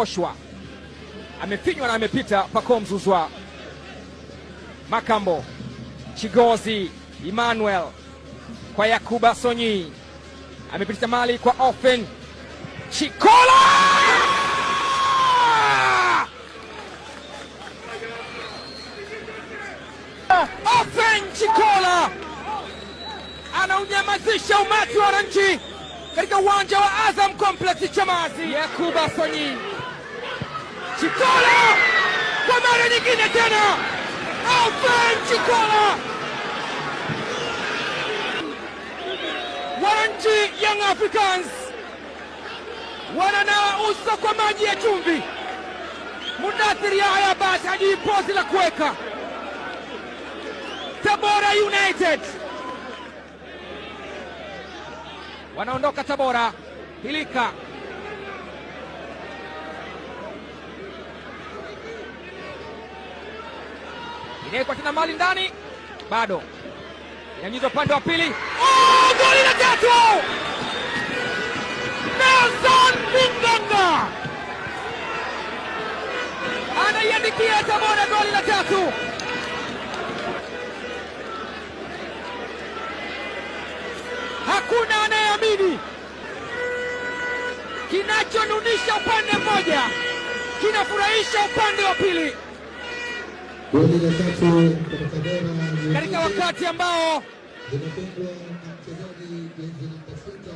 Joshua amefinywa na amepita pako Mzuzwa, Makambo, Chigozi, Emmanuel kwa Yakuba Sonyi, amepitisha mali kwa Ofen Chikola. Ofen Chikola anaunyamazisha umati wa wananchi katika uwanja wa Azam Complex Chamazi. Yakuba Sonyi Chikola kwa mara nyingine tena, Alfred Chikola. Wananchi Young Africans wananawa uso kwa maji ya chumvi. Mudathiri Yahya Basi hajui pozi la kuweka. Tabora United wanaondoka Tabora. Hilika inawekwa tena mali ndani, bado inanyizwa upande wa pili. Oh, goli la tatu Nelson Minganga anaiandikia Tabora goli la tatu. Hakuna anayeamini kinachonunisha upande mmoja kinafurahisha upande wa pili katika wakati ambao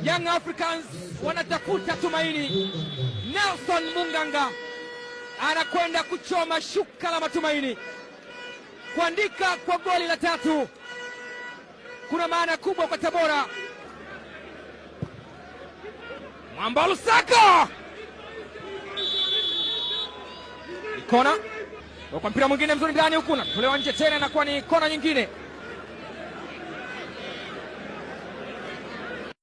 Young Africans wanatafuta tumaini. Nelson Munganga anakwenda kuchoma shuka la matumaini, kuandika kwa goli la tatu kuna maana kubwa kwa Tabora. Mwamba Lusaka kona kwa mpira mwingine mzuri ndani huku na nje tena, inakuwa ni kona nyingine.